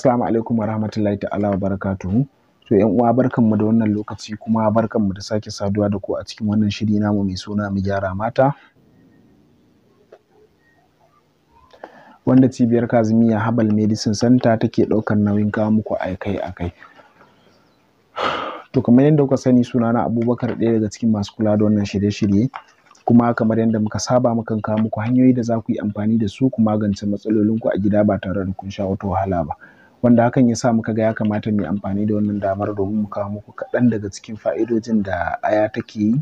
Assalamu alaikum wa rahmatullahi ta'ala wa barakatuhu. To ‘yan uwa barkan mu da wannan lokaci kuma mu da sake saduwa da ku a cikin wannan shiri namu mai suna mu gyara mata. Wanda cibiyar Kazimiya Habal Medicine Center take ɗaukar nauyin kawo muku aikai kai To kamar yadda kuka sani suna na Abubakar ɗaya daga cikin masu kula da wannan shirye-shirye. kuma kamar yadda muka saba mukan kawo muku hanyoyi da za ku yi amfani da su ku magance matsalolinku a gida ba tare da kun sha wata wahala ba. wanda hakan ya sa muka ga ya kamata mu yi amfani da wannan damar domin mu kawo muku kaɗan daga cikin fa'idojin da aya take yi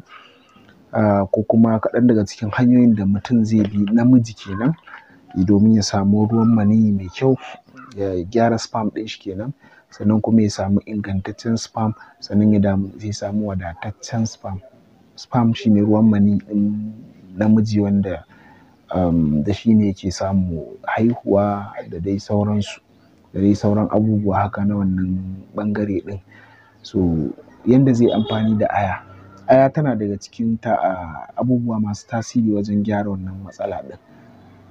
ko kuma kaɗan daga cikin hanyoyin da mutum zai bi namiji kenan domin ya samu ruwan maniyyi mai kyau ya gyara spam ɗin shi kenan sannan kuma ya samu ingantaccen spam sannan ya zai samu wadataccen spam spam ne ruwan maniyyi ɗin namiji wanda da shi ne yake samu haihuwa da dai sauransu da dai sauran abubuwa haka na wannan ɓangare ɗin. So yanda zai yi amfani da aya. Aya tana daga cikin ta abubuwa masu tasiri wajen gyara wannan matsala ɗin,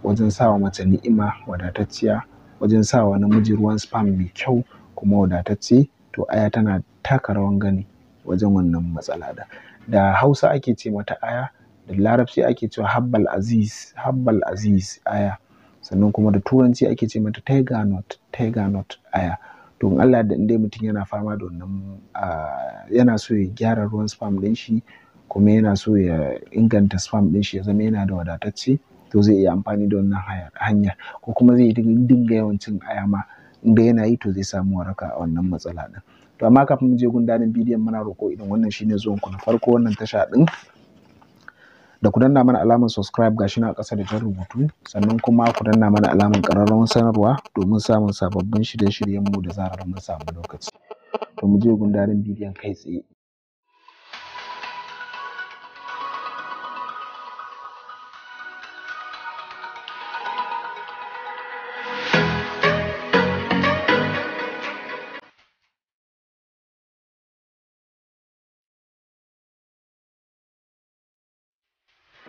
wajen wa mace ni'ima wadatacciya, wajen sa wa namiji ruwan sperm mai kyau kuma wadatacce. To aya tana taka rawan gani wajen wannan matsala ɗin. Da Hausa ake ce mata aya, da Larabci ake cewa Habbal aziz, Habbal aziz, aya. sannan kuma da turanci ake ce mata tiger nut tiger nut aya to in Allah da inda mutum yana fama da wannan yana so ya gyara ruwan sperm din shi kuma yana so ya inganta sperm din shi ya zama yana da wadatacce to zai iya amfani da wannan hanyar ko kuma zai dinga yawancin cin aya ma inda yana yi to zai samu waraka a wannan matsala din to amma kafin mu je gundarin bidiyon muna roko idan wannan shine zuwan ku na farko wannan tasha din da ku danna mana alamar subscribe gashi na ƙasa da jan rubutu sannan kuma ku danna mana alamar ƙararrawar sanarwa domin samun sababbin shirye-shiryenmu da zarar mun samu lokaci to mu je gundarin bidiyon kai tsaye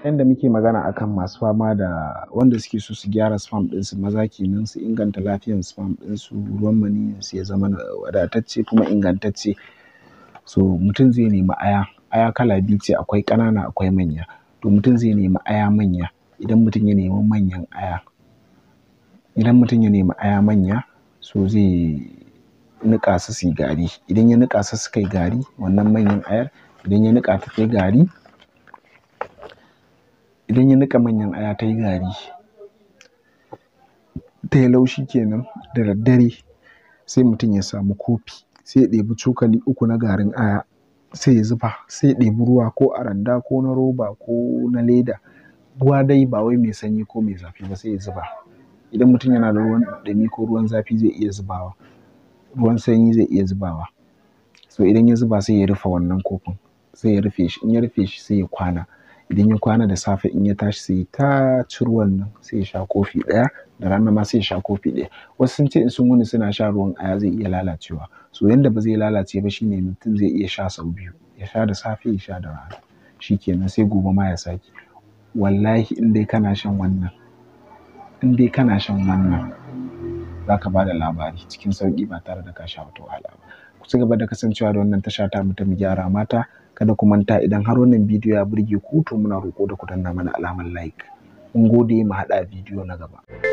yanda muke magana a kan masu fama da wanda suke so su gyara spam ɗinsu maza kenan su inganta lafiyar spam ɗinsu ruwan su ya zama wadatacce kuma ingantacce so mutum zai nemi aya aya kala biyu ce akwai ƙanana akwai manya to mutum zai nemi aya manya idan mutum ya nemi manyan aya idan mutum ya nemi aya manya so zai nika su su yi gari idan ya nika su su kai gari wannan manyan ayar idan ya nika ta kai gari idan ya nika manyan aya ta yi gari ta yi laushi kenan da daddare sai mutum ya samu kofi sai ya ɗebi cokali uku na garin aya sai ya zuba sai ya ɗebi ruwa ko a randa ko na roba ko na leda ruwa dai ba wai mai sanyi ko mai zafi ba sai ya zuba idan mutum yana da ruwan ɗumi ko ruwan zafi zai iya zubawa ruwan sanyi zai iya zubawa so idan ya zuba sai ya rufe wannan kofin sai ya rufe shi in ya rufe shi sai ya kwana idan ya kwana da safe in ya tashi sai ta ci ruwan nan sai ya sha kofi ɗaya da rana ma sai ya sha kofi ɗaya wasu sun ce in sun wuni suna sha ruwan aya zai iya lalacewa so yanda ba zai lalace ba shine mutum zai iya sha sau biyu ya sha da safe ya sha da rana shikenan sai gobe ma ya sake wallahi in dai kana shan wannan in dai kana shan wannan za ka ba da labari cikin sauƙi ba tare da ka sha wata wahala ba ku ci gaba da kasancewa da wannan tasha ta mu gyara mata kada ku manta idan har wannan bidiyo ya burge ku to muna roƙo da ku danna mana alamar like mun gode mu haɗa bidiyo na gaba